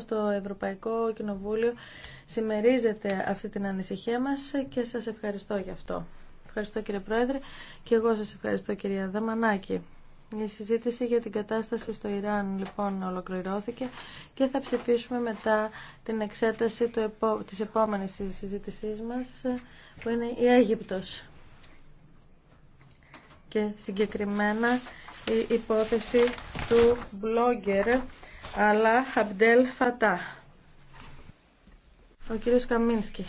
στο το Ευρωπαϊκό Κοινοβούλιο συμμερίζεται αυτή την ανησυχία μας και σας ευχαριστώ γι' αυτό. Ευχαριστώ κύριε Πρόεδρε και εγώ σας ευχαριστώ κυρία Δαμανάκη. Η συζήτηση για την κατάσταση στο Ιράν λοιπόν ολοκληρώθηκε και θα ψηφίσουμε μετά την εξέταση του της επόμενης συζήτησής μας που είναι η Αίγυπτος. Και συγκεκριμένα η υπόθεση του blogger αλλά Αμπτέλ Φατά. Ο κύριος Καμίνσκι.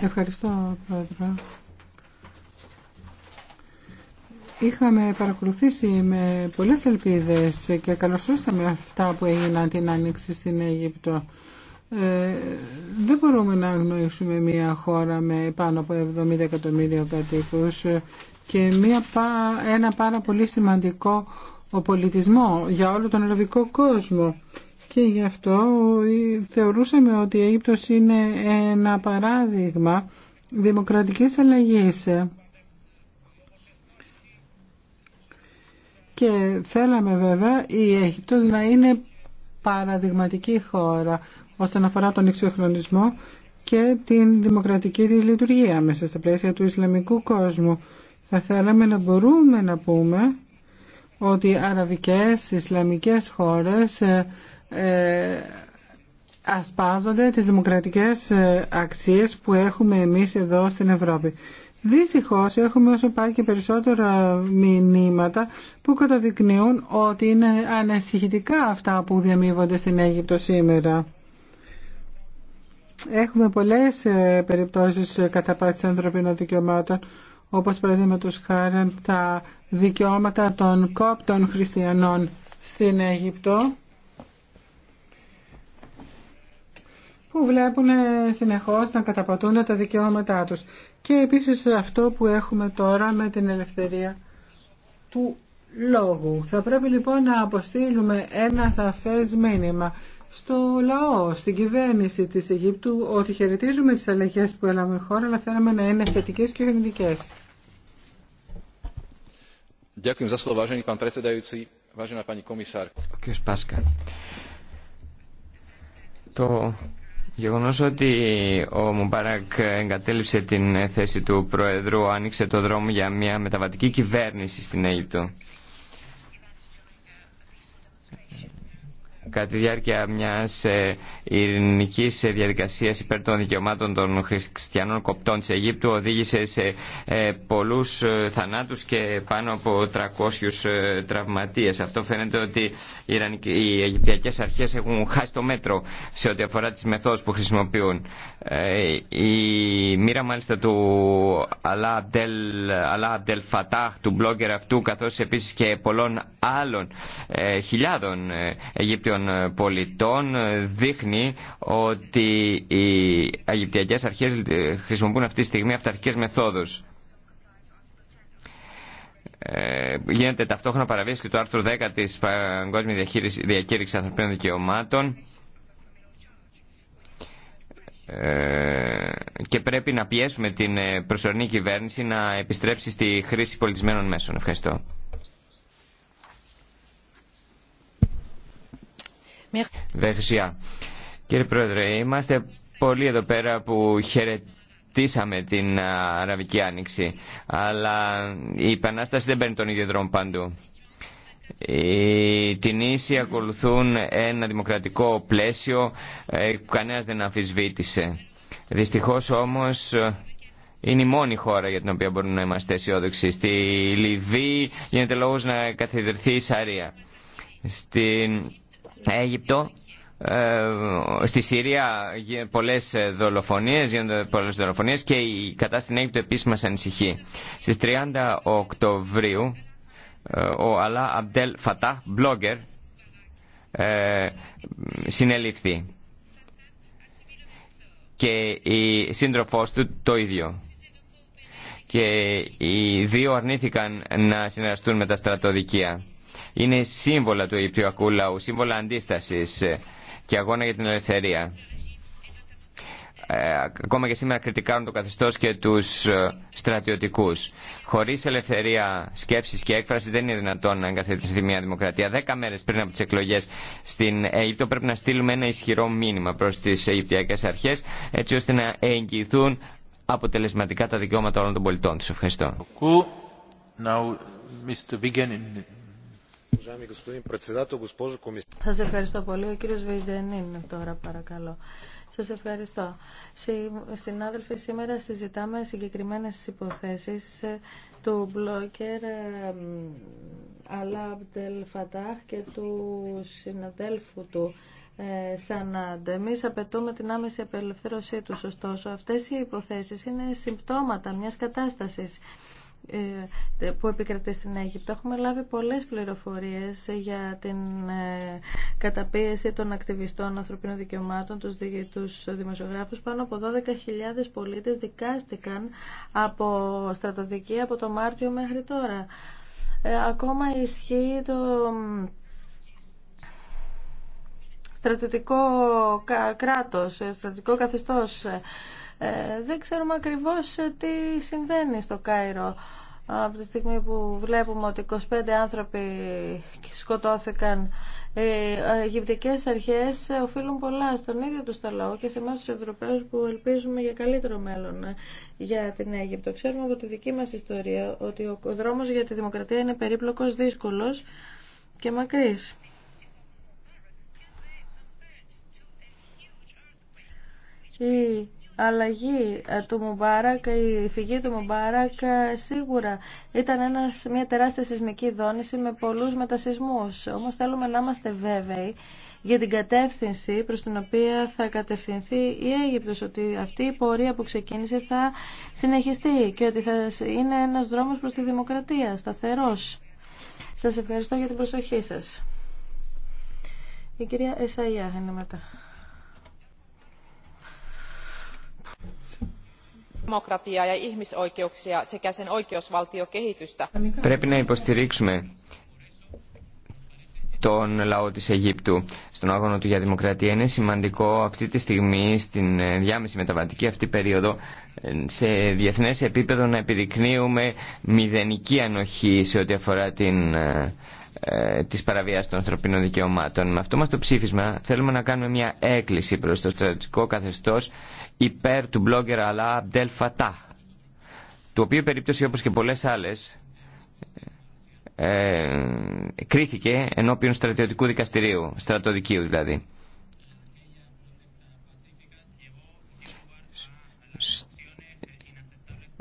Ευχαριστώ, Πρόεδρε. Είχαμε παρακολουθήσει με πολλές ελπίδες και καλωσορίσαμε αυτά που έγιναν την Άνοιξη στην Αίγυπτο. Ε, δεν μπορούμε να γνωρίσουμε μια χώρα με πάνω από 70 εκατομμύρια κατοίκους και μια, ένα πάρα πολύ σημαντικό πολιτισμό για όλο τον αραβικό κόσμο. Και γι' αυτό ε, θεωρούσαμε ότι η Αίγυπτος είναι ένα παράδειγμα δημοκρατικής αλλαγής. Και θέλαμε βέβαια η Αίγυπτος να είναι παραδειγματική χώρα όσον αφορά τον εξοχρονισμό και την δημοκρατική τη λειτουργία μέσα στα πλαίσια του Ισλαμικού κόσμου. Θα θέλαμε να μπορούμε να πούμε ότι οι αραβικές, Ισλαμικές χώρες ε, ε, ασπάζονται τις δημοκρατικές ε, αξίες που έχουμε εμείς εδώ στην Ευρώπη. Δυστυχώ έχουμε όσο πάει και περισσότερα μηνύματα που καταδεικνύουν ότι είναι ανασυχητικά αυτά που διαμείβονται στην Αίγυπτο σήμερα. Έχουμε πολλές ε, περιπτώσεις ε, καταπάτησης ανθρωπίνων δικαιωμάτων όπως παραδείγματο χάρη τα δικαιώματα των κόπτων χριστιανών στην Αίγυπτο που βλέπουν ε, συνεχώς να καταπατούν τα δικαιώματά τους. Και επίσης αυτό που έχουμε τώρα με την ελευθερία του λόγου. Θα πρέπει λοιπόν να αποστείλουμε ένα σαφές μήνυμα στο λαό, στην κυβέρνηση της Αιγύπτου, ότι χαιρετίζουμε τις αλλαγές που έλαβε η χώρα, αλλά θέλαμε να είναι θετικές και ειρηνικές. Το Γεγονό ότι ο Μουμπάρακ εγκατέλειψε την θέση του Προεδρού άνοιξε το δρόμο για μια μεταβατική κυβέρνηση στην Αίγυπτο. κατά τη διάρκεια μιας ε, ειρηνικής διαδικασίας υπέρ των δικαιωμάτων των χριστιανών κοπτών της Αιγύπτου οδήγησε σε ε, πολλούς ε, θανάτους και πάνω από 300 τραυματίες. Αυτό φαίνεται ότι οι Αιγυπτιακές αρχές έχουν χάσει το μέτρο σε ό,τι αφορά τις μεθόδους που χρησιμοποιούν. Η μοίρα μάλιστα του Αλά Αμπτελ Φατάχ, του μπλόγκερ αυτού, καθώς επίσης και πολλών άλλων χιλιάδων Αιγύπτιων των ε, πολιτών ε, δείχνει ότι οι Αιγυπτιακές αρχές ε, χρησιμοποιούν αυτή τη στιγμή αυταρχικές μεθόδους. γίνεται ταυτόχρονα παραβίαση και του άρθρου 10 της Παγκόσμιας Διακήρυξης Ανθρωπίνων Δικαιωμάτων και πρέπει να πιέσουμε την προσωρινή κυβέρνηση να επιστρέψει στη χρήση πολιτισμένων μέσων. Ευχαριστώ. Κύριε Πρόεδρε, είμαστε πολλοί εδώ πέρα που χαιρετήσαμε την Αραβική Άνοιξη, αλλά η επανάσταση δεν παίρνει τον ίδιο δρόμο παντού. Οι Τινήσοι ακολουθούν ένα δημοκρατικό πλαίσιο ε, που κανένας δεν αμφισβήτησε. Δυστυχώς όμως είναι η μόνη χώρα για την οποία μπορούμε να είμαστε αισιόδοξοι. Στη Λιβύη γίνεται λόγος να καθιδρυθεί η Σαρία. Στην Αίγυπτο, ε, στη Συρία πολλές ε, δολοφονίες, γίνονται πολλές δολοφονίες και η κατάσταση στην Αίγυπτο επίσης μας ανησυχεί. Στις 30 Οκτωβρίου ε, ο Αλά Αμπτέλ Φατά, blogger, συνελήφθη. Και η σύντροφός του το ίδιο. Και οι δύο αρνήθηκαν να συνεργαστούν με τα στρατοδικεία είναι σύμβολα του Αιγυπτιακού λαού, σύμβολα αντίστασης ε, και αγώνα για την ελευθερία. Ε, ακόμα και σήμερα κριτικάρουν το καθεστώ και του ε, στρατιωτικού. Χωρί ελευθερία σκέψη και έκφραση δεν είναι δυνατόν να εγκαθιδρυθεί μια δημοκρατία. Δέκα μέρε πριν από τι εκλογέ στην Αίγυπτο πρέπει να στείλουμε ένα ισχυρό μήνυμα προ τι Αιγυπτιακέ αρχέ, έτσι ώστε να εγγυηθούν αποτελεσματικά τα δικαιώματα όλων των πολιτών του. Ευχαριστώ. Now, Mr. Σας ευχαριστώ πολύ. Ο κύριος Βεϊτζενίν τώρα παρακαλώ. Σας ευχαριστώ. Συνάδελφοι, σήμερα συζητάμε συγκεκριμένες υποθέσεις ε, του μπλόκερ ε, Αλάμπτελ Φατάχ και του συναδέλφου του ε, Σανάντ. Εμείς απαιτούμε την άμεση απελευθέρωσή τους. Ωστόσο, αυτές οι υποθέσεις είναι συμπτώματα μιας κατάστασης. Ε, που επικρατεί στην Αίγυπτο. Έχουμε λάβει πολλές πληροφορίες για την ε, καταπίεση των ακτιβιστών ανθρωπίνων δικαιωμάτων, τους, τους δημοσιογράφους. Πάνω από 12.000 πολίτες δικάστηκαν από στρατοδική από το Μάρτιο μέχρι τώρα. Ε, ακόμα ισχύει το στρατιωτικό κράτος, στρατιωτικό καθεστώς ε, δεν ξέρουμε ακριβώς ε, τι συμβαίνει στο Κάιρο. Από τη στιγμή που βλέπουμε ότι 25 άνθρωποι σκοτώθηκαν, οι ε, Αιγυπτικές αρχές οφείλουν πολλά στον ίδιο του το λαό και σε εμάς τους Ευρωπαίους που ελπίζουμε για καλύτερο μέλλον για την Αίγυπτο. Ξέρουμε από τη δική μας ιστορία ότι ο δρόμος για τη δημοκρατία είναι περίπλοκος, δύσκολος και μακρύς αλλαγή ε, του Μουμπάρακ, η φυγή του Μουμπάρακ ε, σίγουρα ήταν ένας, μια τεράστια σεισμική δόνηση με πολλούς μετασυσμούς. Όμως θέλουμε να είμαστε βέβαιοι για την κατεύθυνση προς την οποία θα κατευθυνθεί η Αίγυπτος, ότι αυτή η πορεία που ξεκίνησε θα συνεχιστεί και ότι θα είναι ένας δρόμος προς τη δημοκρατία, σταθερός. Σας ευχαριστώ για την προσοχή σας. Η κυρία είναι Πρέπει να υποστηρίξουμε τον λαό της Αιγύπτου στον αγώνα του για δημοκρατία. Είναι σημαντικό αυτή τη στιγμή, στην ε, διάμεση μεταβατική αυτή περίοδο, ε, σε διεθνές επίπεδο να επιδεικνύουμε μηδενική ανοχή σε ό,τι αφορά την, ε, ε της παραβίας των ανθρωπίνων δικαιωμάτων. Με αυτό μας το ψήφισμα θέλουμε να κάνουμε μια έκκληση προς το στρατιωτικό καθεστώς υπέρ του blogger Αλά Αμπτέλ Φατά, του οποίου περίπτωση όπως και πολλές άλλες ε, κρίθηκε ενώπιον στρατιωτικού δικαστηρίου, στρατοδικίου δηλαδή.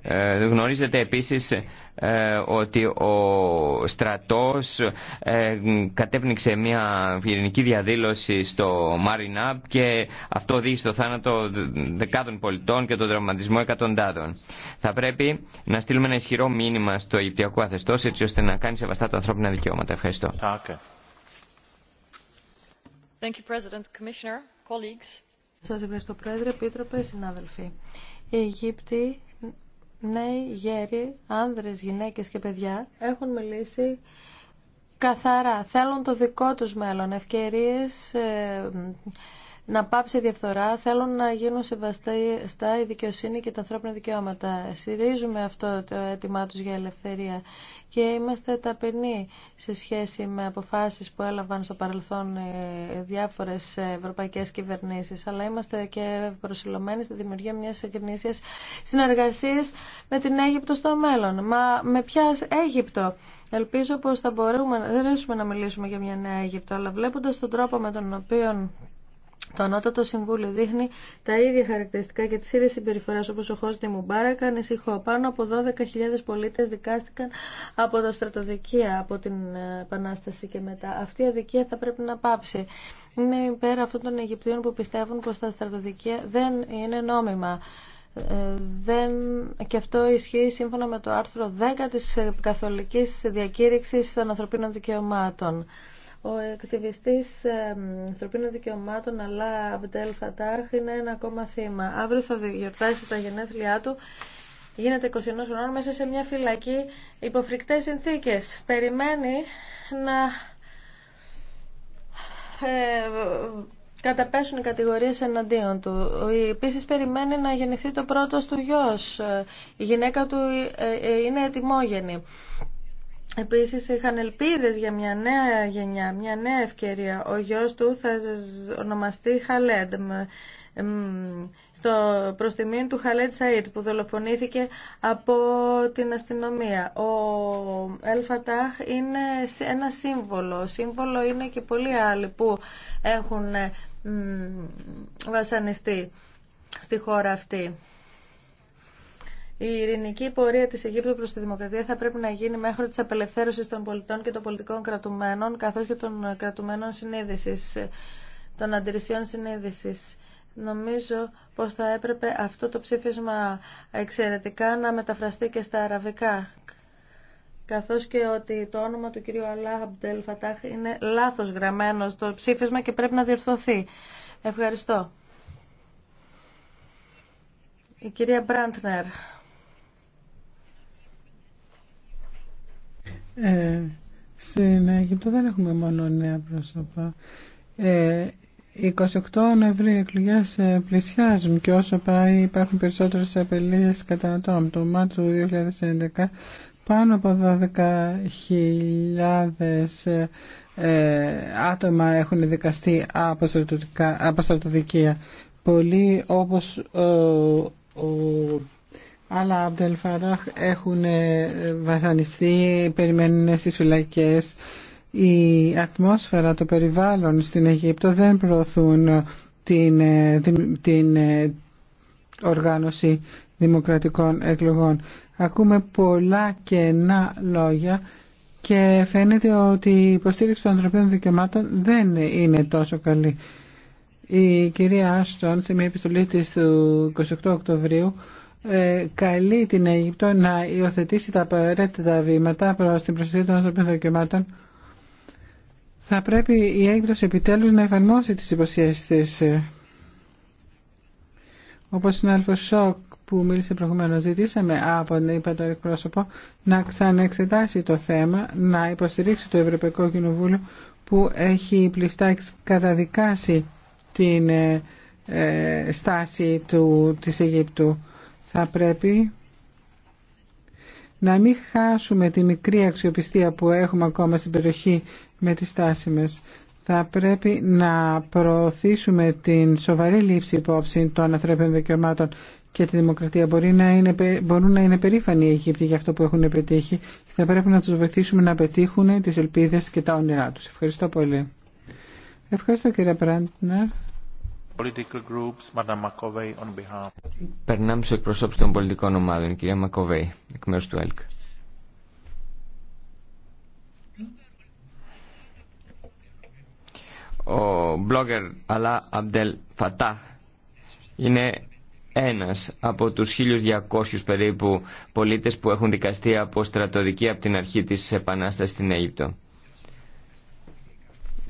Ε, γνωρίζετε επίσης ε, ότι ο στρατός ε, κατέπνιξε μια πυρηνική διαδήλωση στο Μαρινάπ και αυτό οδήγησε στο θάνατο δεκάδων πολιτών και τον τραυματισμό εκατοντάδων. Θα πρέπει να στείλουμε ένα ισχυρό μήνυμα στο Αιγυπτιακό καθεστώς έτσι ώστε να κάνει σεβαστά τα ανθρώπινα δικαιώματα. Ευχαριστώ. Thank you, President, Commissioner, colleagues. Σας ευχαριστώ Πρόεδρε, Επίτροπε, συνάδελφοι. Η νέοι, γέροι, άνδρες, γυναίκες και παιδιά έχουν μιλήσει καθαρά. Θέλουν το δικό τους μέλλον, ευκαιρίες, ε, να πάψει η διαφθορά, θέλουν να γίνουν σεβαστά η δικαιοσύνη και τα ανθρώπινα δικαιώματα. Συρίζουμε αυτό το αίτημά τους για ελευθερία και είμαστε ταπεινοί σε σχέση με αποφάσεις που έλαβαν στο παρελθόν ε, διάφορες ευρωπαϊκές κυβερνήσεις, αλλά είμαστε και προσιλωμένοι στη δημιουργία μιας εγκρινήσιας συνεργασίας με την Αίγυπτο στο μέλλον. Μα με ποια Αίγυπτο. Ελπίζω πως θα μπορούμε, δεν να μιλήσουμε για μια νέα Αίγυπτο, αλλά βλέποντας τον τρόπο με τον οποίο το Ανώτατο Συμβούλιο δείχνει τα ίδια χαρακτηριστικά και τι ίδιε συμπεριφορέ όπω ο Χώστη Μουμπάρακ. Ανησυχώ. Πάνω από 12.000 πολίτε δικάστηκαν από τα στρατοδικεία από την ε, Επανάσταση και μετά. Αυτή η αδικία θα πρέπει να πάψει. Είναι πέρα αυτών των Αιγυπτίων που πιστεύουν πω τα στρατοδικεία δεν είναι νόμιμα. Ε, δεν, και αυτό ισχύει σύμφωνα με το άρθρο 10 της Καθολικής Διακήρυξης των Ανθρωπίνων Δικαιωμάτων. Ο εκτιβιστής ανθρωπίνων δικαιωμάτων Αλά Αμπτέλ Φατάχ είναι ένα ακόμα θύμα. Αύριο θα γιορτάσει τα γενέθλιά του. Γίνεται 21 χρονών μέσα σε μια φυλακή υποφρικτές συνθήκες. Περιμένει να ε, καταπέσουν οι κατηγορίες εναντίον του. Επίσης περιμένει να γεννηθεί το πρώτος του γιος. Η γυναίκα του ε, ε, είναι ετοιμόγενη. Επίσης είχαν ελπίδες για μια νέα γενιά, μια νέα ευκαιρία. Ο γιος του θα ονομαστεί Χαλέντ, στο προστιμήν του Χαλέντ Σαΐτ που δολοφονήθηκε από την αστυνομία. Ο Ελφατάχ είναι ένα σύμβολο. Σύμβολο είναι και πολλοί άλλοι που έχουν βασανιστεί στη χώρα αυτή. Η ειρηνική πορεία της Αιγύπτου προς τη δημοκρατία θα πρέπει να γίνει μέχρι της απελευθέρωσης των πολιτών και των πολιτικών κρατουμένων, καθώς και των κρατουμένων συνείδησης, των αντιρρησιών συνείδησης. Νομίζω πως θα έπρεπε αυτό το ψήφισμα εξαιρετικά να μεταφραστεί και στα αραβικά καθώς και ότι το όνομα του κυρίου Αλάχ Αμπτελ Φατάχ είναι λάθος γραμμένο στο ψήφισμα και πρέπει να διορθωθεί. Ευχαριστώ. Η κυρία Μπραντνερ. Ε, στην Αίγυπτο δεν έχουμε μόνο νέα πρόσωπα. Ε, 28 Νοεμβρίου οι εκλογέ ε, πλησιάζουν και όσο πάει υπάρχουν περισσότερε απελίε κατά ατόμων. Το Μάτι του 2011 πάνω από 12.000 ε, ε, άτομα έχουν δικαστεί από στρατοδικεία. Πολλοί όπως ο, αλλά Αμπτελφάραχ έχουν ε, βασανιστεί, περιμένουν στις φυλακές. Η ατμόσφαιρα, το περιβάλλον στην Αιγύπτο δεν προωθούν την, ε, ε, οργάνωση δημοκρατικών εκλογών. Ακούμε πολλά κενά λόγια και φαίνεται ότι η υποστήριξη των ανθρωπίνων δικαιωμάτων δεν είναι τόσο καλή. Η κυρία Άστον σε μια επιστολή της του 28 Οκτωβρίου ε, καλεί την Αίγυπτο να υιοθετήσει τα απαραίτητα βήματα προς την προστασία των ανθρωπίνων δικαιωμάτων θα πρέπει η Αίγυπτος επιτέλους να εφαρμόσει τις υποσχέσεις της. Όπως είναι αλφα σοκ που μίλησε προηγουμένως, ζητήσαμε από τον είπα εκπρόσωπο να ξαναεξετάσει το θέμα, να υποστηρίξει το Ευρωπαϊκό Κοινοβούλιο που έχει πλειστά καταδικάσει την ε, ε, στάση του, της Αιγύπτου θα πρέπει να μην χάσουμε τη μικρή αξιοπιστία που έχουμε ακόμα στην περιοχή με τις στάσιμες. Θα πρέπει να προωθήσουμε την σοβαρή λήψη υπόψη των ανθρώπινων δικαιωμάτων και τη δημοκρατία. Μπορεί να είναι, μπορούν να είναι περήφανοι οι Αιγύπτιοι για αυτό που έχουν πετύχει θα πρέπει να τους βοηθήσουμε να πετύχουν τις ελπίδες και τα όνειρά τους. Ευχαριστώ πολύ. Ευχαριστώ κύριε Πράντνερ. Περνάμε στου εκπροσώπους των πολιτικών ομάδων, κυρία Μακοβέη, εκ μέρους του ΕΛΚ. Ο blogger Αλά Αμπτελ Φατά είναι ένας από τους 1200 περίπου πολίτες που έχουν δικαστεί από στρατοδική από την αρχή της Επανάστασης στην Αίγυπτο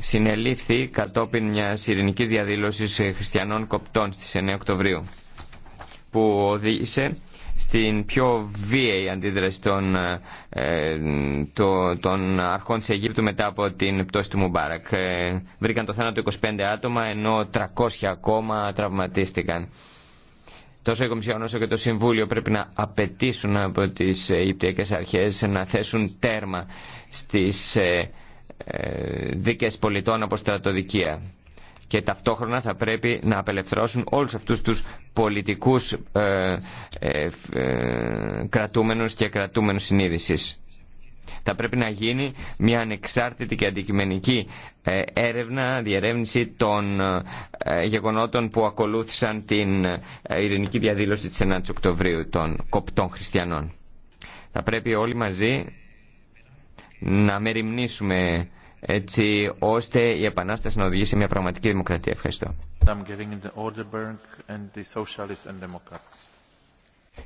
συνελήφθη κατόπιν μιας ειρηνικής διαδήλωσης ε, χριστιανών κοπτών στις 9 Οκτωβρίου που οδήγησε στην πιο βίαιη αντίδραση των, ε, ε, των αρχών της Αιγύπτου μετά από την πτώση του Μουμπάρακ. βρήκαν το θάνατο 25 άτομα ενώ 300 ακόμα τραυματίστηκαν. Τόσο η Κομισιόν όσο και το Συμβούλιο πρέπει να απαιτήσουν από τις Αιγυπτιακές αρχές να θέσουν τέρμα στις ε, δίκες πολιτών από στρατοδικεία και ταυτόχρονα θα πρέπει να απελευθερώσουν όλους αυτούς τους πολιτικούς ε, ε, ε, κρατούμενους και κρατούμενους συνείδησης. Θα πρέπει να γίνει μια ανεξάρτητη και αντικειμενική έρευνα, διερεύνηση των γεγονότων που ακολούθησαν την ειρηνική διαδήλωση της 9 Οκτωβρίου των κοπτών χριστιανών. Θα πρέπει όλοι μαζί να μεριμνήσουμε έτσι ώστε η επανάσταση να οδηγήσει σε μια πραγματική δημοκρατία. Ευχαριστώ.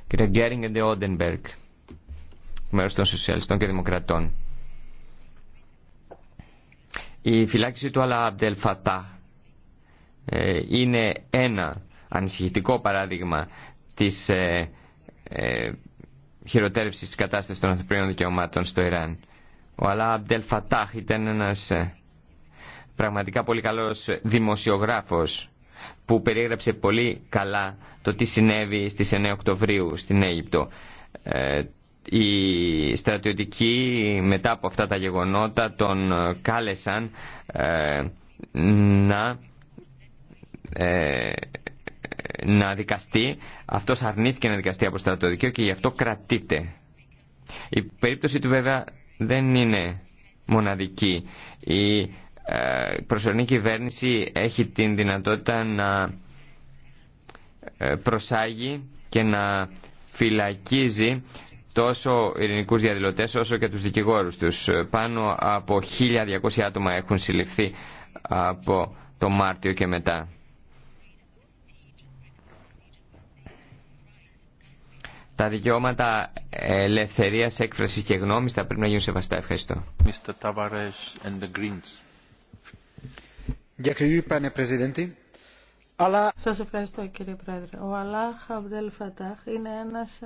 Κύριε Γκέρινγκ και Όντενμπεργκ, μέρος των Σοσιαλιστών και Δημοκρατών. Η φυλάκιση του Αλα Αμπτελφατά ε, είναι ένα ανησυχητικό παράδειγμα της ε, ε, χειροτέρευσης της κατάστασης των ανθρωπίνων δικαιωμάτων στο Ιράν. Ο Αλά Αμπτελ Φατάχ ήταν ένας ε, πραγματικά πολύ καλός δημοσιογράφος που περιέγραψε πολύ καλά το τι συνέβη στις 9 Οκτωβρίου στην Αίγυπτο. Ε, οι στρατιωτικοί μετά από αυτά τα γεγονότα τον ε, κάλεσαν να να δικαστεί. Αυτός αρνήθηκε να δικαστεί από στρατιωτικό και γι' αυτό κρατείται. Η περίπτωση του βέβαια δεν είναι μοναδική. Η ε, προσωρινή κυβέρνηση έχει την δυνατότητα να ε, προσάγει και να φυλακίζει τόσο ειρηνικούς διαδηλωτές όσο και τους δικηγόρους τους. Πάνω από 1.200 άτομα έχουν συλληφθεί από το Μάρτιο και μετά. τα δικαιώματα ελευθερίας έκφρασης και γνώμης θα πρέπει να γίνουν σεβαστά. Ευχαριστώ. Σας ευχαριστώ κύριε Πρόεδρε. Ο Αλάχ αβδελφατάχ Φατάχ είναι ένας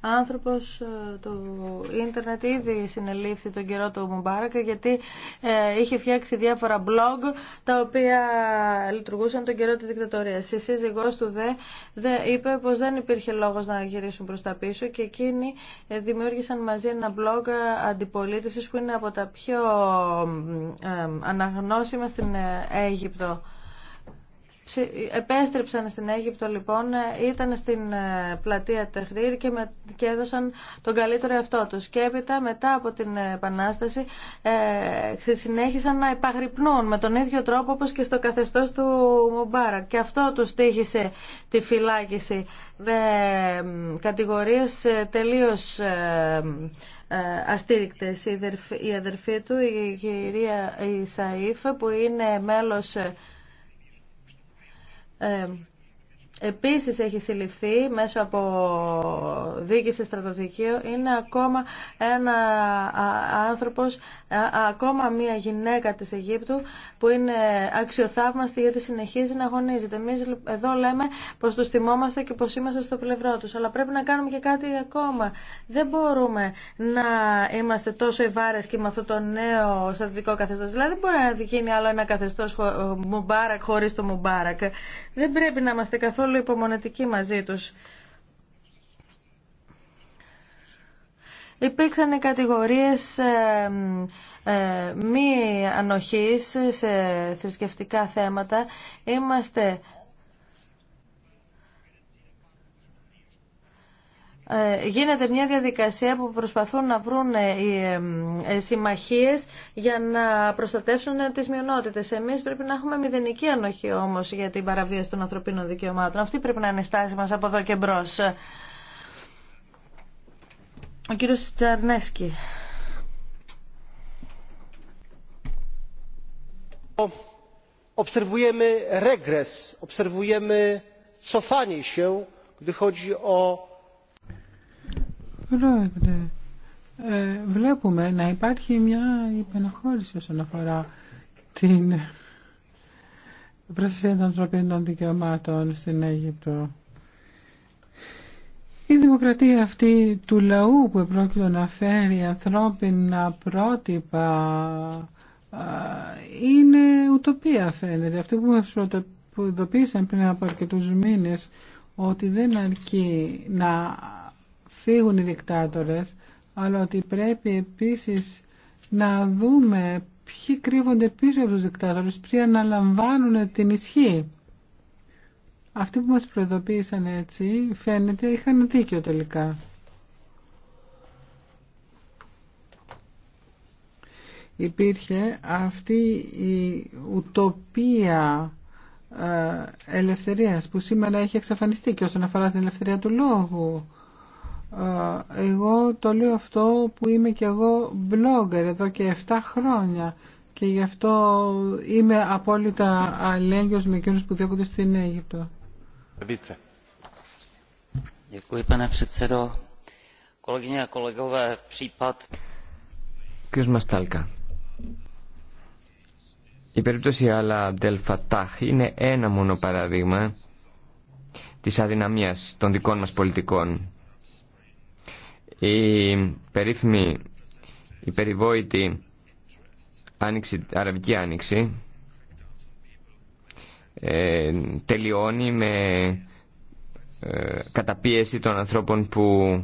άνθρωπος ε, του ίντερνετ ήδη συνελήφθη τον καιρό του Μουμπάρακ γιατί ε, είχε φτιάξει διάφορα blog τα οποία λειτουργούσαν τον καιρό της δικτατορίας. Η σύζυγός του δε, δε είπε πως δεν υπήρχε λόγος να γυρίσουν προς τα πίσω και εκείνοι ε, δημιούργησαν μαζί ένα blog αντιπολίτευσης που είναι από τα πιο αναγνώσιμα στην Αίγυπτο επέστρεψαν στην Αίγυπτο λοιπόν, ήταν στην ε, πλατεία Τεχρήρ και, με, και έδωσαν τον καλύτερο εαυτό τους. Και έπειτα μετά από την Επανάσταση ε, συνέχισαν να υπαγρυπνούν με τον ίδιο τρόπο όπως και στο καθεστώς του Μουμπάρακ. Και αυτό τους τύχησε τη φυλάκιση με κατηγορίες ε, τελείως ε, ε αστήρικτες. Η αδερφή του, η κυρία Ισαΐφ, που είναι μέλος εμ επίσης έχει συλληφθεί μέσω από δίκηση στρατοδικείο είναι ακόμα ένα άνθρωπος, ακόμα μία γυναίκα της Αιγύπτου που είναι αξιοθαύμαστη γιατί συνεχίζει να αγωνίζεται. Εμεί εδώ λέμε πως τους θυμόμαστε και πως είμαστε στο πλευρό τους, αλλά πρέπει να κάνουμε και κάτι ακόμα. Δεν μπορούμε να είμαστε τόσο ευάρες και με αυτό το νέο στρατιωτικό καθεστώς. Δηλαδή δεν μπορεί να γίνει άλλο ένα καθεστώς ε, Μουμπάρακ χωρίς το Μουμπάρακ. Δεν πρέπει να είμαστε καθόλου καθόλου μαζί τους. Υπήρξαν κατηγορίες ε, ε, μη ανοχής σε θρησκευτικά θέματα. Είμαστε Ε, γίνεται μια διαδικασία που προσπαθούν να βρουν ε, οι ε, συμμαχίες για να προστατεύσουν τις μειονότητες. Εμείς πρέπει να έχουμε μηδενική ανοχή όμως για την παραβίαση των ανθρωπίνων δικαιωμάτων. Αυτή πρέπει να είναι η στάση μας από εδώ και μπρο. Ο κύριος Τζαρνέσκι. Obserwujemy regres, obserwujemy cofanie się, gdy chodzi o Πρόεδρε, ε, βλέπουμε να υπάρχει μια υπεναχώρηση όσον αφορά την προστασία των ανθρωπίνων δικαιωμάτων στην Αίγυπτο. Η δημοκρατία αυτή του λαού που επρόκειτο να φέρει ανθρώπινα πρότυπα είναι ουτοπία φαίνεται. Αυτό που μας πριν από αρκετούς μήνες ότι δεν αρκεί να φύγουν οι δικτάτορες, αλλά ότι πρέπει επίσης να δούμε ποιοι κρύβονται πίσω από τους δικτάτορες, ποιοι αναλαμβάνουν την ισχύ. Αυτοί που μας προειδοποίησαν έτσι, φαίνεται, είχαν δίκιο τελικά. Υπήρχε αυτή η ουτοπία ε, ελευθερίας που σήμερα έχει εξαφανιστεί και όσον αφορά την ελευθερία του λόγου εγώ το λέω αυτό που είμαι και εγώ blogger εδώ και 7 χρόνια και γι' αυτό είμαι απόλυτα αλέγγυος με εκείνους που διώκονται στην Αίγυπτο. Κύριος Μαστάλκα, η περίπτωση Αλα Αμπτελ Φατάχ είναι ένα μόνο παράδειγμα της αδυναμίας των δικών μας πολιτικών η περίφημη, η περιβόητη άνοιξη, αραβική άνοιξη ε, τελειώνει με ε, καταπίεση των ανθρώπων που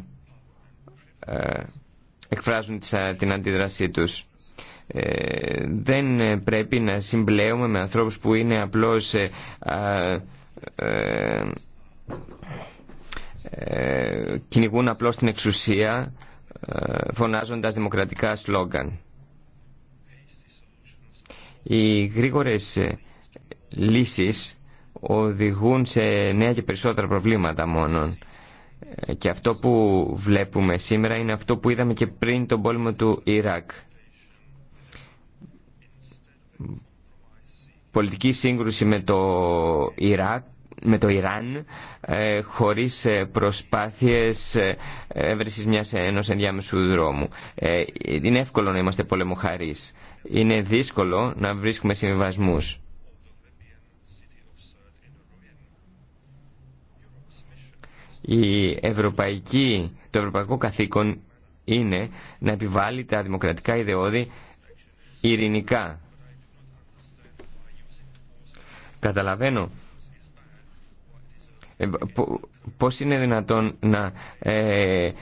ε, εκφράζουν την αντίδρασή τους. Ε, δεν πρέπει να συμπλέουμε με ανθρώπους που είναι απλώς ε, κυνηγούν απλώς την εξουσία ε, φωνάζοντας δημοκρατικά σλόγγαν. Οι γρήγορες ε, λύσεις οδηγούν σε νέα και περισσότερα προβλήματα μόνον. Ε, και αυτό που βλέπουμε σήμερα είναι αυτό που είδαμε και πριν τον πόλεμο του Ιράκ. Πολιτική σύγκρουση με το Ιράκ με το Ιράν ε, χωρίς ε, προσπάθειες ε, έβρεσης μιας ενός ενδιάμεσου δρόμου. Ε, είναι εύκολο να είμαστε πολεμοχαρείς. Είναι δύσκολο να βρίσκουμε συμβιβασμούς. Η ευρωπαϊκή, το ευρωπαϊκό καθήκον είναι να επιβάλλει τα δημοκρατικά ιδεώδη ειρηνικά. Καταλαβαίνω ε, πώς είναι δυνατόν να ε, ε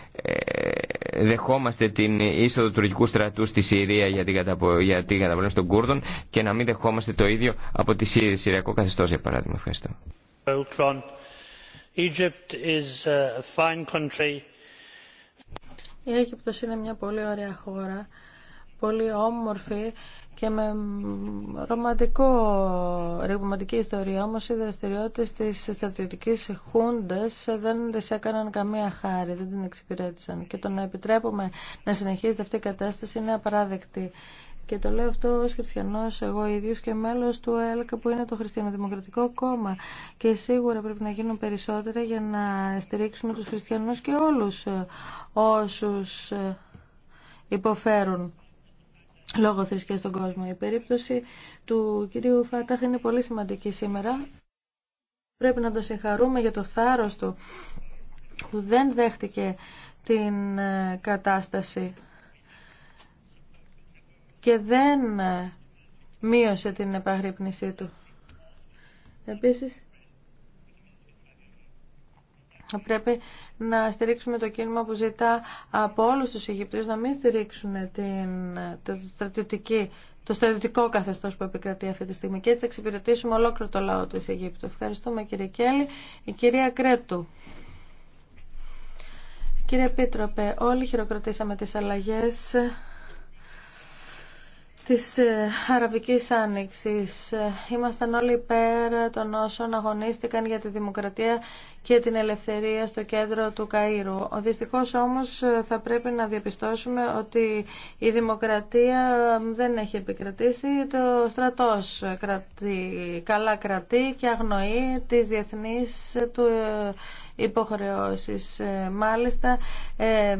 δεχόμαστε την είσοδο τουρκικού στρατού στη Συρία για την, καταπο, για την καταπολέμηση των Κούρδων και να μην δεχόμαστε το ίδιο από τη Συρία, Συριακό καθεστώς, για παράδειγμα. Ευχαριστώ. Η Αίγυπτος είναι μια πολύ ωραία χώρα, πολύ όμορφη και με ρομαντικό, ρομαντική ιστορία όμως οι δραστηριότητες της στρατιωτικής χούντας δεν τις έκαναν καμία χάρη, δεν την εξυπηρέτησαν και το να επιτρέπουμε να συνεχίζεται αυτή η κατάσταση είναι απαράδεκτη και το λέω αυτό ως χριστιανός εγώ ίδιος και μέλος του ΕΛΚ που είναι το Χριστιανοδημοκρατικό Κόμμα και σίγουρα πρέπει να γίνουν περισσότερα για να στηρίξουμε τους χριστιανούς και όλους ε, όσους ε, υποφέρουν λόγω θρησκείας στον κόσμο. Η περίπτωση του κυρίου Φάταχ είναι πολύ σημαντική σήμερα. Πρέπει να το συγχαρούμε για το θάρρος του που δεν δέχτηκε την ε, κατάσταση και δεν ε, μείωσε την επαγρύπνησή του. Επίσης, Πρέπει να στηρίξουμε το κίνημα που ζητά από όλους τους Αιγυπτίους να μην στηρίξουν την, το, στρατιωτική, το στρατιωτικό καθεστώς που επικρατεί αυτή τη στιγμή και έτσι θα εξυπηρετήσουμε ολόκληρο το λαό της Αιγύπτου. Ευχαριστούμε κύριε Κέλλη. Η κυρία Κρέτου. Κύριε Πίτροπε, όλοι χειροκροτήσαμε τις αλλαγές της ε, Αραβικής Άνοιξης. Ε, ήμασταν όλοι πέρα των όσων αγωνίστηκαν για τη δημοκρατία και την ελευθερία στο κέντρο του Καΐρου. Ο δυστυχώς όμως ε, θα πρέπει να διαπιστώσουμε ότι η δημοκρατία δεν έχει επικρατήσει. Το στρατός καλά κρατεί και αγνοεί τις διεθνείς του υποχρεώσεις. Ε, μάλιστα, ε,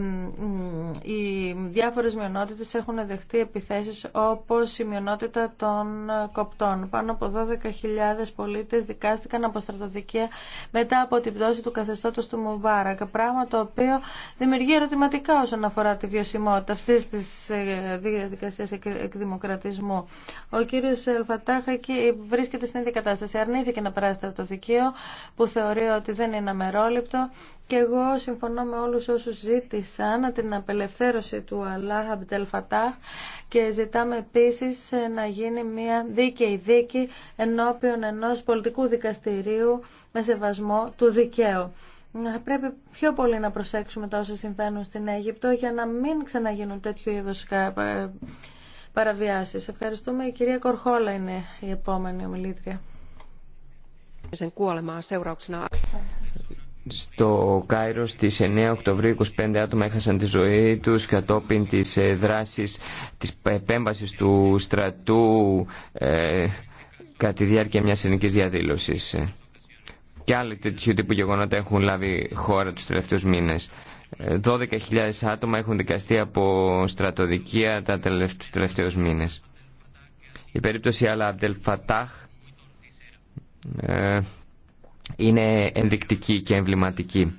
οι διάφορες μειονότητες έχουν δεχτεί επιθέσεις όπως η μειονότητα των κοπτών. Πάνω από 12.000 πολίτες δικάστηκαν από στρατοδικία μετά από την πτώση του καθεστώτος του Μουμπάρακ, πράγμα το οποίο δημιουργεί ερωτηματικά όσον αφορά τη βιωσιμότητα αυτής της ε, διαδικασίας εκδημοκρατισμού. Ο κύριος Ελφατάχα βρίσκεται στην ίδια κατάσταση. Αρνήθηκε να περάσει το που θεωρεί ότι δεν είναι αμερό και εγώ συμφωνώ με όλους όσους ζήτησαν την απελευθέρωση του Αλλάχ Αμπτελ και ζητάμε επίσης να γίνει μια δίκαιη δίκη ενώπιον ενός πολιτικού δικαστηρίου με σεβασμό του δικαίου. Πρέπει πιο πολύ να προσέξουμε τα όσα συμβαίνουν στην Αίγυπτο για να μην ξαναγίνουν τέτοιου είδους παραβιάσεις. Ευχαριστούμε. Η κυρία Κορχόλα είναι η επόμενη ομιλήτρια στο Κάιρο στις 9 Οκτωβρίου 25 άτομα έχασαν τη ζωή τους κατόπιν της ε, δράσης της επέμβασης του στρατού ε, κατά τη διάρκεια μιας ελληνικής διαδήλωσης. Ε, και άλλοι τέτοιου τύπου γεγονότα έχουν λάβει χώρα τους τελευταίους μήνες. 12.000 άτομα έχουν δικαστεί από στρατοδικία τα τους τελευταίους μήνες. Η περίπτωση Αλα Αμπτελ Φατάχ είναι ενδεικτική και εμβληματική.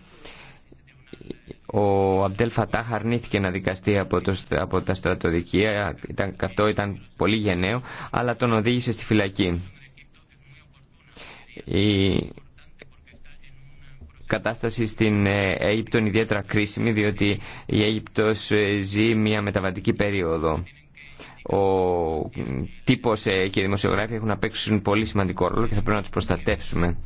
Ο Αμπτέλ Φατάχ αρνήθηκε να δικαστεί από, από τα στρατοδικεία, ήταν, αυτό ήταν πολύ γενναίο, αλλά τον οδήγησε στη φυλακή. Η κατάσταση στην ε, Αίγυπτο είναι ιδιαίτερα κρίσιμη, διότι η Αίγυπτος ε, ζει μια μεταβατική περίοδο. Ο τύπος ε, και οι δημοσιογράφοι έχουν να παίξουν πολύ σημαντικό ρόλο και θα πρέπει να τους προστατεύσουμε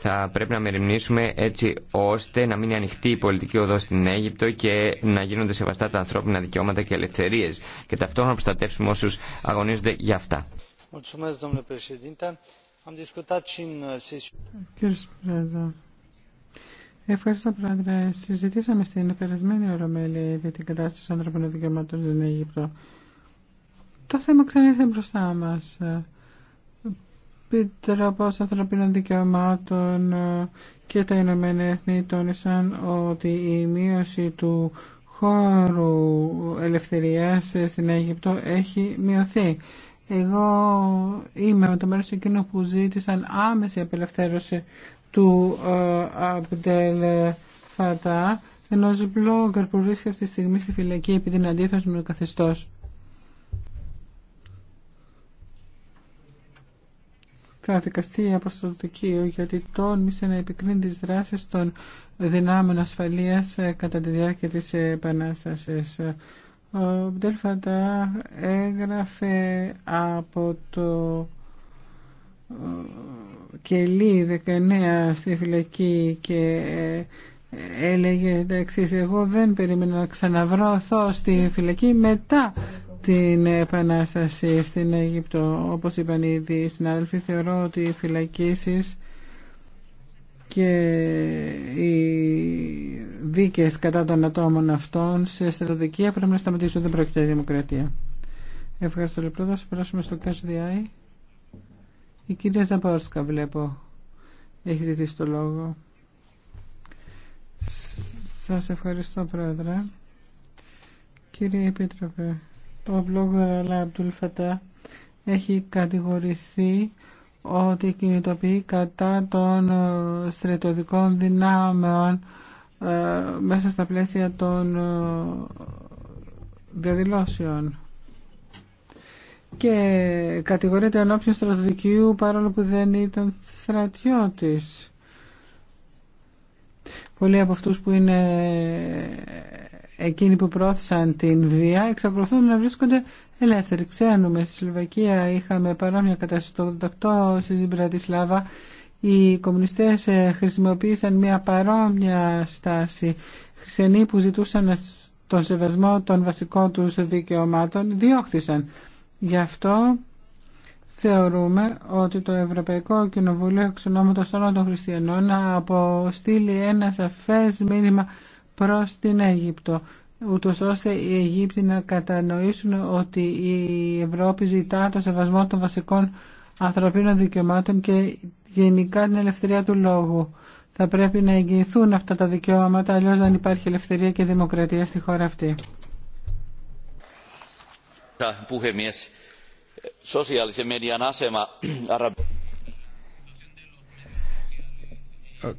θα πρέπει να μεριμνήσουμε έτσι ώστε να μην είναι ανοιχτή η πολιτική οδό στην Αίγυπτο και να γίνονται σεβαστά τα ανθρώπινα δικαιώματα και ελευθερίε και ταυτόχρονα να προστατεύσουμε όσου αγωνίζονται για αυτά. Ευχαριστώ, Πρόεδρε. Συζητήσαμε στην περασμένη ορομέλη για την κατάσταση των ανθρώπινων δικαιωμάτων στην Αίγυπτο. Το θέμα ξανά ήρθε μπροστά μας. Επιτροπός Ανθρωπίνων Δικαιωμάτων ε, και τα Ηνωμένα Έθνη τόνισαν ότι η μείωση του χώρου ελευθερίας στην Αίγυπτο έχει μειωθεί. Εγώ είμαι με το μέρος εκείνο που ζήτησαν άμεση απελευθέρωση του Αμπτελ Φατά, ενός blogger που βρίσκεται αυτή τη στιγμή στη φυλακή επειδή είναι αντίθετος με το καθεστώς. καταδικαστεί από το δικείο γιατί τόνισε να επικρίνει τις δράσεις των δυνάμεων ασφαλείας ε, κατά τη διάρκεια της επανάστασης. Ο Μπτέλφαντα έγραφε από το ε, κελί 19 στη φυλακή και ε, έλεγε εντάξει εγώ δεν περίμενα να ξαναβρωθώ στη φυλακή μετά την επανάσταση στην Αίγυπτο. Όπως είπαν ήδη οι συνάδελφοι, θεωρώ ότι οι φυλακίσεις και οι δίκες κατά των ατόμων αυτών σε στρατοδικία πρέπει να σταματήσουν. Δεν πρόκειται η δημοκρατία. Ευχαριστώ λοιπόν. Θα περάσουμε στο ΚΑΣΔΙ. Η κυρία Ζαμπόρσκα βλέπω έχει ζητήσει το λόγο. Σας ευχαριστώ πρόεδρε. Κύριε Επίτροπε, ο blogger Abdul έχει κατηγορηθεί ότι κινητοποιεί κατά των ε, στρατιωτικών δυνάμεων ε, μέσα στα πλαίσια των ε, διαδηλώσεων και κατηγορείται ενώπιον στρατιωτικού παρόλο που δεν ήταν στρατιώτης. Πολλοί από αυτούς που είναι εκείνοι που πρόθεσαν την βία εξακολουθούν να βρίσκονται ελεύθεροι. Ξέρουμε, στη Σλοβακία είχαμε παρόμοια κατάσταση το 88 στη Ζιμπρατισλάβα. Οι κομμουνιστές ε, χρησιμοποίησαν μια παρόμοια στάση. Χριστιανοί που ζητούσαν τον σεβασμό των βασικών τους δικαιωμάτων διώχθησαν. Γι' αυτό θεωρούμε ότι το Ευρωπαϊκό Κοινοβούλιο εξ ονόματος όλων των χριστιανών αποστείλει ένα σαφές μήνυμα προς την Αίγυπτο ούτως ώστε οι Αιγύπτιοι να κατανοήσουν ότι η Ευρώπη ζητά το σεβασμό των βασικών ανθρωπίνων δικαιωμάτων και γενικά την ελευθερία του λόγου. Θα πρέπει να εγγυηθούν αυτά τα δικαιώματα, αλλιώ δεν υπάρχει ελευθερία και δημοκρατία στη χώρα αυτή. Ο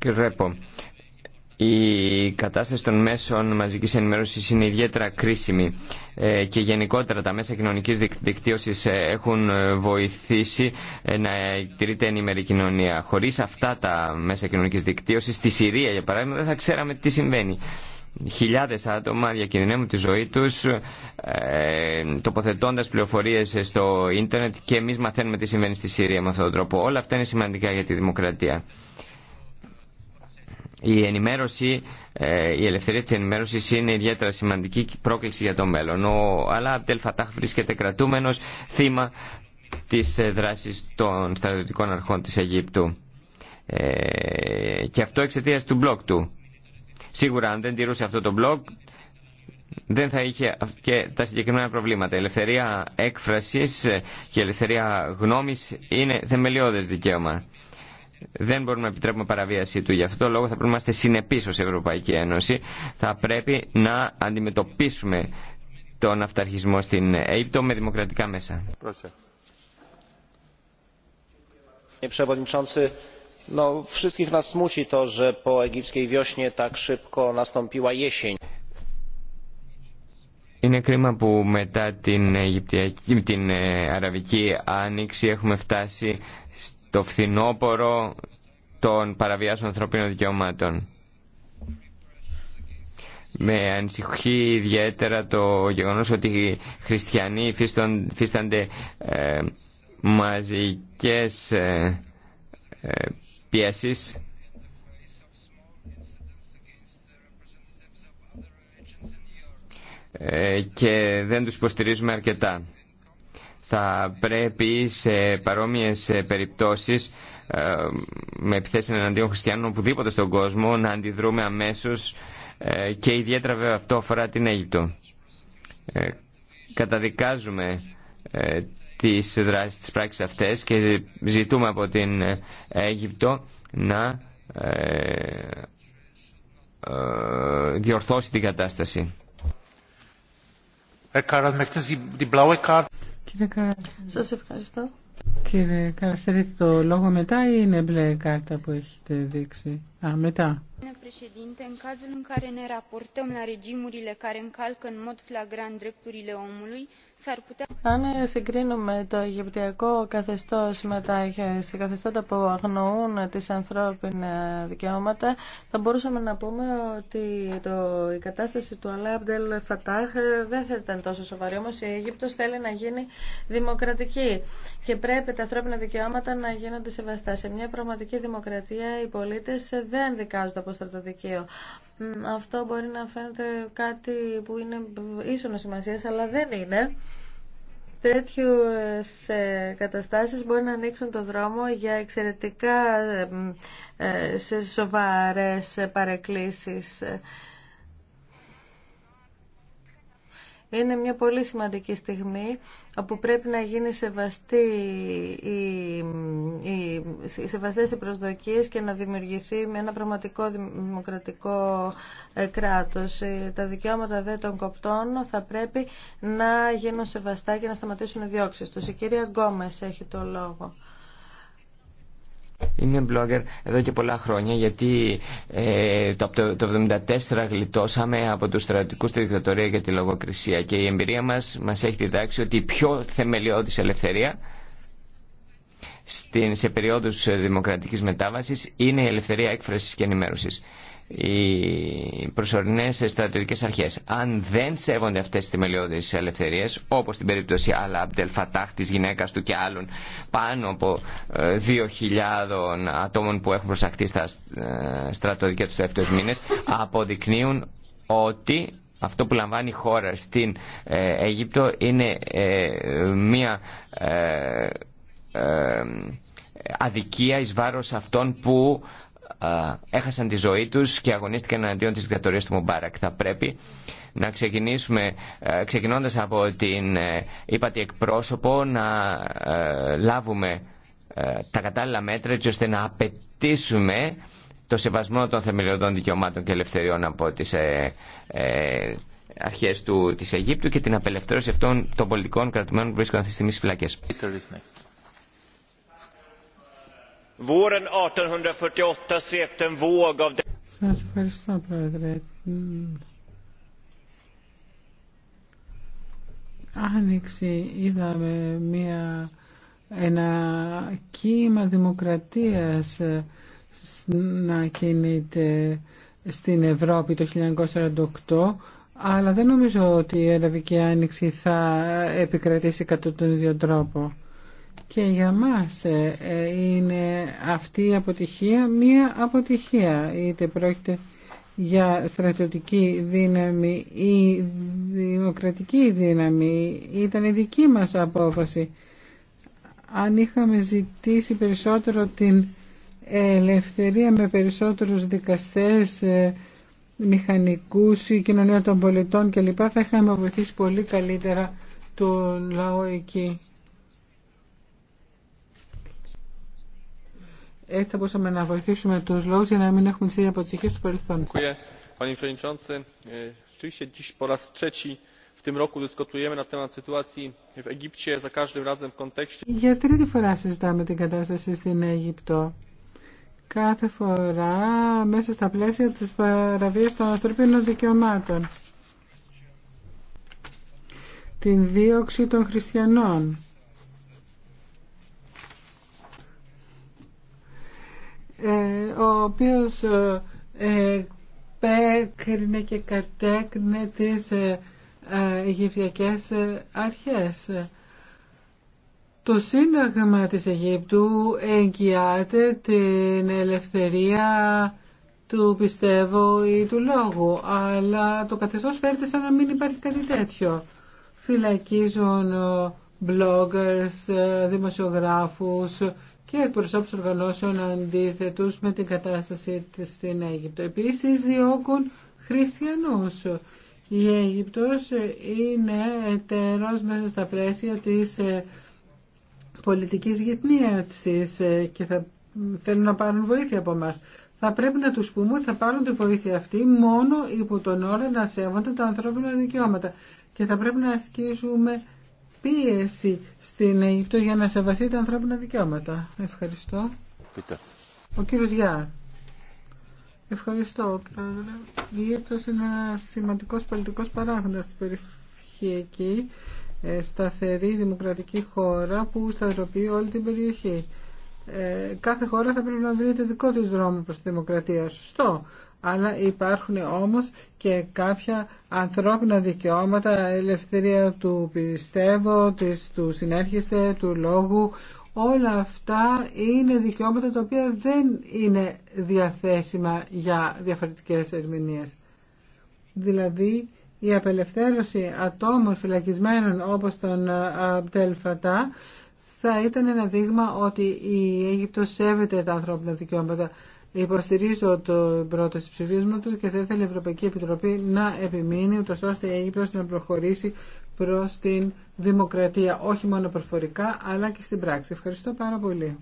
η κατάσταση των μέσων μαζικής ενημέρωσης είναι ιδιαίτερα κρίσιμη ε, και γενικότερα τα μέσα κοινωνικής δικτύωσης ε, έχουν ε, βοηθήσει να τηρείται ενήμερη κοινωνία. Χωρίς αυτά τα μέσα κοινωνικής δικτύωσης, στη Συρία για παράδειγμα, δεν θα ξέραμε τι συμβαίνει. Χιλιάδες άτομα διακινδυνεύουν τη ζωή τους τοποθετώντας πληροφορίες στο ίντερνετ και εμείς μαθαίνουμε τι συμβαίνει στη Συρία με αυτόν τον τρόπο. Όλα αυτά είναι σημαντικά για τη δημοκρατία η ενημέρωση, ε, η ελευθερία της ενημέρωσης είναι ιδιαίτερα σημαντική πρόκληση για το μέλλον. Ο Αλά Αμπτελ Φατάχ βρίσκεται κρατούμενος θύμα της ε, δράσης των στρατιωτικών αρχών της Αιγύπτου. Ε, και αυτό εξαιτία του μπλοκ του. Σίγουρα αν δεν τηρούσε αυτό το μπλοκ δεν θα είχε και τα συγκεκριμένα προβλήματα. Η ελευθερία έκφρασης και η ελευθερία γνώμης είναι θεμελιώδες δικαίωμα δεν μπορούμε να επιτρέπουμε παραβίασή του. Γι' αυτό το λόγο θα πρέπει να είμαστε συνεπείς ως Ευρωπαϊκή Ένωση. Θα πρέπει να αντιμετωπίσουμε τον αυταρχισμό στην Αίγυπτο με δημοκρατικά μέσα. Είναι κρίμα που μετά την, Αιγυπτιακή, την ε, Αραβική Άνοιξη έχουμε φτάσει το φθινόπορο των παραβιάσεων ανθρωπίνων δικαιωμάτων. Με ανησυχεί ιδιαίτερα το γεγονός ότι οι χριστιανοί υφίστανται ε, μαζικές ε, ε, πιέσεις ε, και δεν τους υποστηρίζουμε αρκετά θα πρέπει σε παρόμοιες περιπτώσεις ε, με επιθέσεις εναντίον χριστιανών οπουδήποτε στον κόσμο να αντιδρούμε αμέσως ε, και ιδιαίτερα βέβαια αυτό αφορά την Αίγυπτο. Ε, καταδικάζουμε τις δράσεις, τις πράξεις αυτές και ζητούμε από την Αίγυπτο να διορθώσει την κατάσταση. Κύριε Σας ευχαριστώ. Κύριε Καραστερή, το λόγο μετά ή είναι μπλε κάρτα που έχετε δείξει. Α, μετά. în cazul Αν συγκρίνουμε το Αιγυπτιακό καθεστώς με τα καθεστώτα που αγνοούν τις ανθρώπινα δικαιώματα, θα μπορούσαμε να πούμε ότι το, η κατάσταση του Αλά Φατάχ δεν θα ήταν τόσο σοβαρή, όμως η Αίγυπτος θέλει να γίνει δημοκρατική και πρέπει τα ανθρώπινα δικαιώματα να γίνονται σεβαστά. Σε μια πραγματική δημοκρατία οι πολίτες δεν δικάζονται από στρατοδικείο. Αυτό μπορεί να φαίνεται κάτι που είναι ίσονο σημασία, αλλά δεν είναι. Τέτοιου ε, καταστάσεις μπορεί να ανοίξουν το δρόμο για εξαιρετικά ε, σε σοβαρές παρεκκλήσεις. Είναι μια πολύ σημαντική στιγμή όπου πρέπει να γίνει σεβαστή η, η, σεβαστές οι προσδοκίες και να δημιουργηθεί με ένα πραγματικό δημοκρατικό ε, κράτος. Ε, τα δικαιώματα δε των κοπτών θα πρέπει να γίνουν σεβαστά και να σταματήσουν οι διώξεις τους. Η κυρία Γκόμες έχει το λόγο. Είμαι blogger εδώ και πολλά χρόνια γιατί ε, το, το, το 1974 γλιτώσαμε από τους στρατιωτικούς τη δικτατορία για τη λογοκρισία και η εμπειρία μας μας έχει διδάξει ότι η πιο θεμελιώδης ελευθερία στην, σε περίοδους δημοκρατικής μετάβασης είναι η ελευθερία έκφρασης και ενημέρωσης οι προσωρινέ στρατιωτικέ αρχές. Αν δεν σέβονται αυτές τις θεμελιώδει ελευθερίε, όπως στην περίπτωση Αλ Αμπτελ Φατάχ, της γυναίκας του και άλλων, πάνω από 2.000 ε, ατόμων που έχουν προσαχθεί στα ε, στρατιωτικά του τελευταίου μήνε, αποδεικνύουν ότι αυτό που λαμβάνει η χώρα στην ε, Αίγυπτο είναι μία αδικία εις βάρος αυτών που έχασαν τη ζωή τους και αγωνίστηκαν εναντίον της δικτατορίας του Μουμπάρακ. Θα πρέπει να ξεκινήσουμε, ξεκινώντας από την ύπατη ε, εκπρόσωπο, να ε, λάβουμε ε, τα κατάλληλα μέτρα έτσι ώστε να απαιτήσουμε το σεβασμό των θεμελιωδών δικαιωμάτων και ελευθεριών από τις ε, αρχές του, της Αιγύπτου και την απελευθέρωση αυτών των πολιτικών κρατουμένων που βρίσκονται αυτή τη στιγμή στις φυλακές. Våren 1848 svepte en våg av... ευχαριστώ, Πρόεδρε. Άνοιξη είδαμε μια, ένα κύμα δημοκρατίας ε, να κινείται στην Ευρώπη το 1948 αλλά δεν νομίζω ότι η Αραβική Άνοιξη θα επικρατήσει κατά τον ίδιο τρόπο. Και για μας ε, ε, είναι αυτή η αποτυχία μία αποτυχία, είτε πρόκειται για στρατιωτική δύναμη ή δημοκρατική δύναμη. Ήταν η δική μας απόφαση. Αν είχαμε ζητήσει περισσότερο την ελευθερία με περισσότερους δικαστές, ε, μηχανικούς, η κοινωνία των πολιτών κλπ. θα είχαμε βοηθήσει πολύ καλύτερα το λαό εκεί. Έτσι ε, θα μπορούσαμε να βοηθήσουμε του λόγου για να μην έχουμε τι ίδιε αποτυχίε του kontekście. Για τρίτη φορά συζητάμε την κατάσταση στην Αίγυπτο. Κάθε φορά μέσα στα πλαίσια τη παραβία των ανθρωπίνων δικαιωμάτων. Την δίωξη των χριστιανών οποίος ε, ε, πέκρινε και κατέκρινε τις ε, Αιγυπτιακές αρχές. Το Σύνταγμα της Αιγύπτου εγγυάται την ελευθερία του πιστεύω ή του λόγου, αλλά το καθεστώς φέρεται σαν να μην υπάρχει κάτι τέτοιο. Φυλακίζουν bloggers, δημοσιογράφους, και εκπροσώπους οργανώσεων αντίθετους με την κατάσταση της στην Αίγυπτο. Επίσης διώκουν χριστιανούς. Η Αίγυπτος είναι εταίρος μέσα στα πλαίσια της ε, πολιτικής γυτνίατσης ε, και θα θέλουν να πάρουν βοήθεια από μας. Θα πρέπει να τους πούμε ότι θα πάρουν τη βοήθεια αυτή μόνο υπό τον όρο να σέβονται τα ανθρώπινα δικαιώματα και θα πρέπει να ασκήσουμε πίεση στην Αιγυπτό για να σεβαστεί τα ανθρώπινα δικαιώματα. Ευχαριστώ. Ο κύριος Για Ευχαριστώ, Η Αιγύπτος είναι ένα σημαντικός πολιτικός παράγοντας στην περιφερειακή ε, σταθερή δημοκρατική χώρα που σταθεροποιεί όλη την περιοχή. Ε, κάθε χώρα θα πρέπει να βρει το δικό της δρόμο προς τη δημοκρατία. Σωστό. Αλλά υπάρχουν όμως και κάποια ανθρώπινα δικαιώματα, ελευθερία του πιστεύω, της, του συνέρχεστε, του λόγου. Όλα αυτά είναι δικαιώματα τα οποία δεν είναι διαθέσιμα για διαφορετικές ερμηνείες. Δηλαδή η απελευθέρωση ατόμων φυλακισμένων όπως τον Αμπτελ θα ήταν ένα δείγμα ότι η Αίγυπτο σέβεται τα ανθρώπινα δικαιώματα. Υποστηρίζω το πρώτο ψηφίσματο και θα ήθελε η Ευρωπαϊκή Επιτροπή να επιμείνει ούτως ώστε η Αίγυπτο να προχωρήσει προς την δημοκρατία, όχι μόνο προφορικά αλλά και στην πράξη. Ευχαριστώ πάρα πολύ.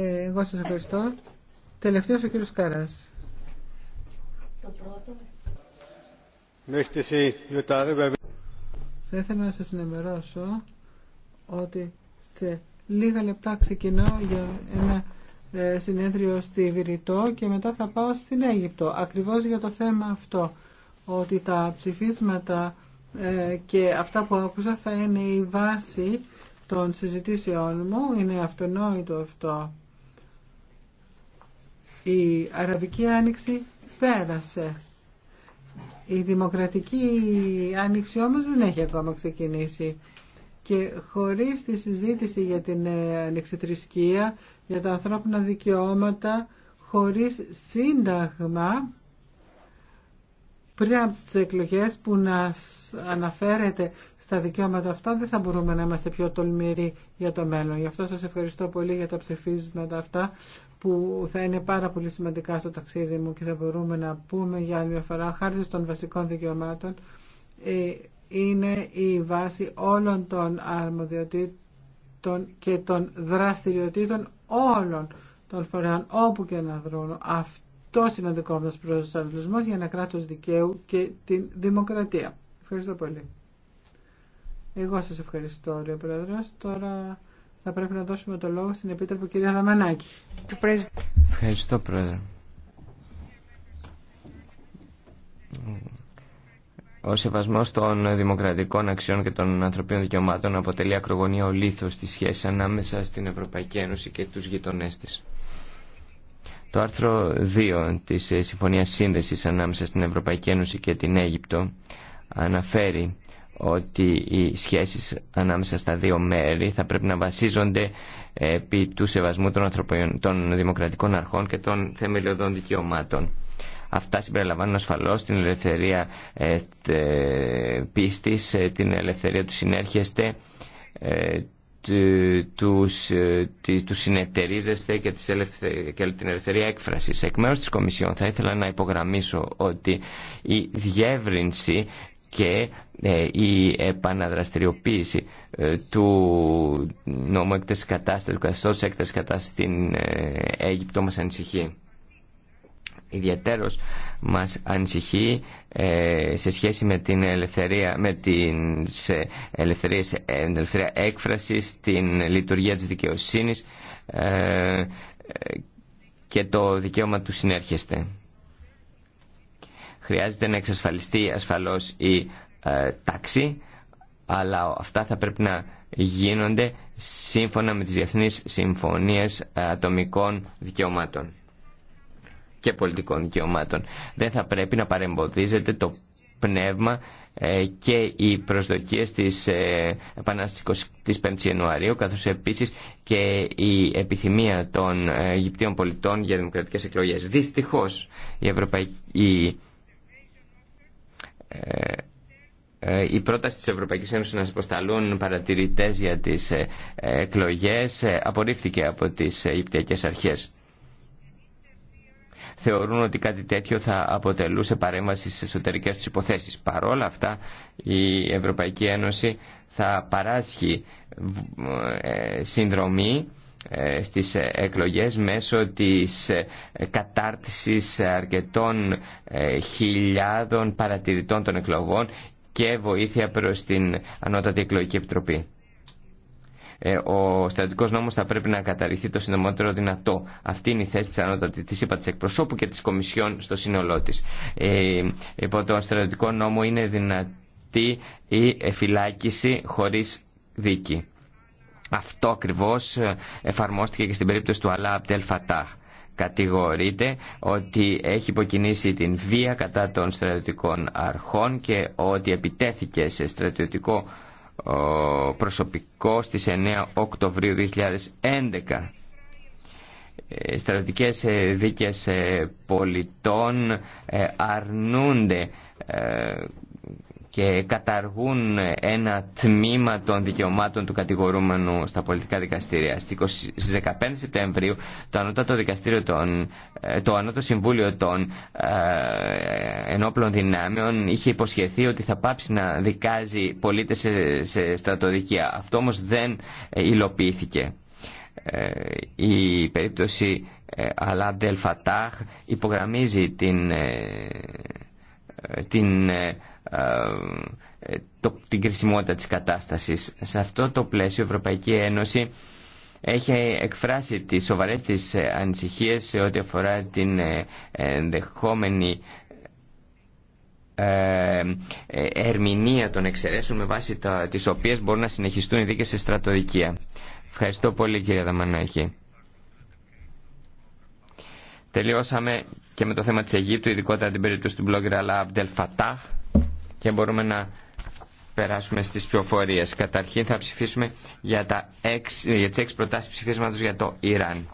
Εγώ σας ευχαριστώ. Τελευταίος ο κύριος Κάρας. Θα ήθελα να σας ενημερώσω ότι σε λίγα λεπτά ξεκινάω για ένα ε, συνέδριο στη Βηρητό και μετά θα πάω στην Αίγυπτο. Ακριβώς για το θέμα αυτό, ότι τα ψηφίσματα ε, και αυτά που άκουσα θα είναι η βάση των συζητήσεών μου. Είναι αυτονόητο αυτό. Η Αραβική Άνοιξη πέρασε. Η δημοκρατική άνοιξη όμως δεν έχει ακόμα ξεκινήσει και χωρίς τη συζήτηση για την ε, ανοιξητρισκεία, για τα ανθρώπινα δικαιώματα, χωρίς σύνταγμα πριν από τις εκλογές που να αναφέρεται στα δικαιώματα αυτά, δεν θα μπορούμε να είμαστε πιο τολμηροί για το μέλλον. Γι' αυτό σας ευχαριστώ πολύ για τα ψηφίσματα αυτά που θα είναι πάρα πολύ σημαντικά στο ταξίδι μου και θα μπορούμε να πούμε για άλλη μια φορά χάρη των βασικών δικαιωμάτων ε, είναι η βάση όλων των αρμοδιοτήτων και των δραστηριοτήτων όλων των φορέων όπου και να δρούν. Αυτό είναι ο δικό μας για ένα κράτος δικαίου και την δημοκρατία. Ευχαριστώ πολύ. Εγώ σας ευχαριστώ, Ρε Πρόεδρος. Τώρα θα πρέπει να δώσουμε το λόγο στην Επίτροπο κυρία Δαμανάκη. Ευχαριστώ Πρόεδρε. Ο σεβασμό των δημοκρατικών αξιών και των ανθρωπίνων δικαιωμάτων αποτελεί ακρογωνία ο της τη σχέση ανάμεσα στην Ευρωπαϊκή Ένωση και του γειτονέ τη. Το άρθρο 2 της Συμφωνίας Σύνδεσης ανάμεσα στην Ευρωπαϊκή Ένωση και την Αίγυπτο αναφέρει ότι οι σχέσεις ανάμεσα στα δύο μέρη θα πρέπει να βασίζονται επί του σεβασμού των, των δημοκρατικών αρχών και των θεμελιωδών δικαιωμάτων. Αυτά συμπεριλαμβάνουν ασφαλώς την ελευθερία ε, πίστης, ε, την ελευθερία του συνέρχεστε, ε, του ε, τους συνεταιρίζεστε και, τις και την ελευθερία έκφρασης. Εκ μέρους της Κομισιόν θα ήθελα να υπογραμμίσω ότι η διεύρυνση και ε, η επαναδραστηριοποίηση ε, του νόμου έκταση κατάσταση, του καθεστώτος έκταση κατάσταση στην ε, Αίγυπτο μας ανησυχεί. Ιδιαίτερος μας ανησυχεί σε σχέση με την ελευθερία, με την ελευθερία έκφρασης, την λειτουργία της δικαιοσύνης και το δικαίωμα του συνέρχεστε. Χρειάζεται να εξασφαλιστεί ασφαλώς η ε, τάξη, αλλά αυτά θα πρέπει να γίνονται σύμφωνα με τις διεθνείς συμφωνίες ε, ατομικών δικαιωμάτων και πολιτικών δικαιωμάτων. Δεν θα πρέπει να παρεμποδίζεται το πνεύμα ε, και οι προσδοκίες της Επανάστασης της 5 Ιανουαρίου καθώς επίσης και η επιθυμία των Αιγυπτίων πολιτών για δημοκρατικές εκλογές. Δυστυχώς η, Ευρωπαϊκή, ε, ε, η πρόταση της Ευρωπαϊκής Ένωσης να υποσταλούν παρατηρητές για τις ε, εκλογές απορρίφθηκε από τις Αιγυπτιακές Αρχές. Θεωρούν ότι κάτι τέτοιο θα αποτελούσε παρέμβαση στις εσωτερικές τους υποθέσεις. Παρόλα αυτά η Ευρωπαϊκή Ένωση θα παράσχει συνδρομή ε, στις εκλογές μέσω της ε, κατάρτισης αρκετών ε, χιλιάδων παρατηρητών των εκλογών και βοήθεια προς την Ανώτατη Εκλογική Επιτροπή. Ο στρατιωτικός νόμος θα πρέπει να καταρριχθεί το συντομότερο δυνατό. Αυτή είναι η θέση της Ανώτατη τη ΥΠΑ της Εκπροσώπου και της Κομισιόν στο σύνολό της. Ε, υπό τον στρατιωτικό νόμο είναι δυνατή η φυλάκιση χωρίς δίκη αυτό ακριβώ ε, εφαρμόστηκε και στην περίπτωση του Αλά Απτελ Κατηγορείται ότι έχει υποκινήσει την βία κατά των στρατιωτικών αρχών και ότι επιτέθηκε σε στρατιωτικό προσωπικό στις 9 Οκτωβρίου 2011. Ε, στρατιωτικές ε, δίκες πολιτών αρνούνται και καταργούν ένα τμήμα των δικαιωμάτων του κατηγορούμενου στα πολιτικά δικαστήρια. Στις 15 Σεπτεμβρίου το Ανώτατο, δικαστήριο των, ε, το Ανώτατο Συμβούλιο των ε, Ενόπλων Δυνάμεων είχε υποσχεθεί ότι θα πάψει να δικάζει πολίτες σε, σε Αυτό όμως δεν ε, υλοποιήθηκε. η περίπτωση αλλά Φατάχ υπογραμμίζει την, την ε, το, την κρισιμότητα της κατάστασης. Σε αυτό το πλαίσιο η Ευρωπαϊκή Ένωση έχει εκφράσει τις σοβαρές της ανησυχίες σε ό,τι αφορά την ε, ενδεχόμενη ε, ερμηνεία των εξαιρέσεων με βάση τα, τις οποίες μπορούν να συνεχιστούν οι δίκες σε στρατοδικία. Ευχαριστώ πολύ κύριε Δαμανάκη. Τελειώσαμε και με το θέμα της Αιγύπτου, ειδικότερα την περίπτωση του blogger Αλά Αμπτελ Φατάχ και μπορούμε να περάσουμε στις πιοφορίες. Καταρχήν θα ψηφίσουμε για, τα 6, για τις έξι προτάσεις ψηφίσματος για το Ιράν.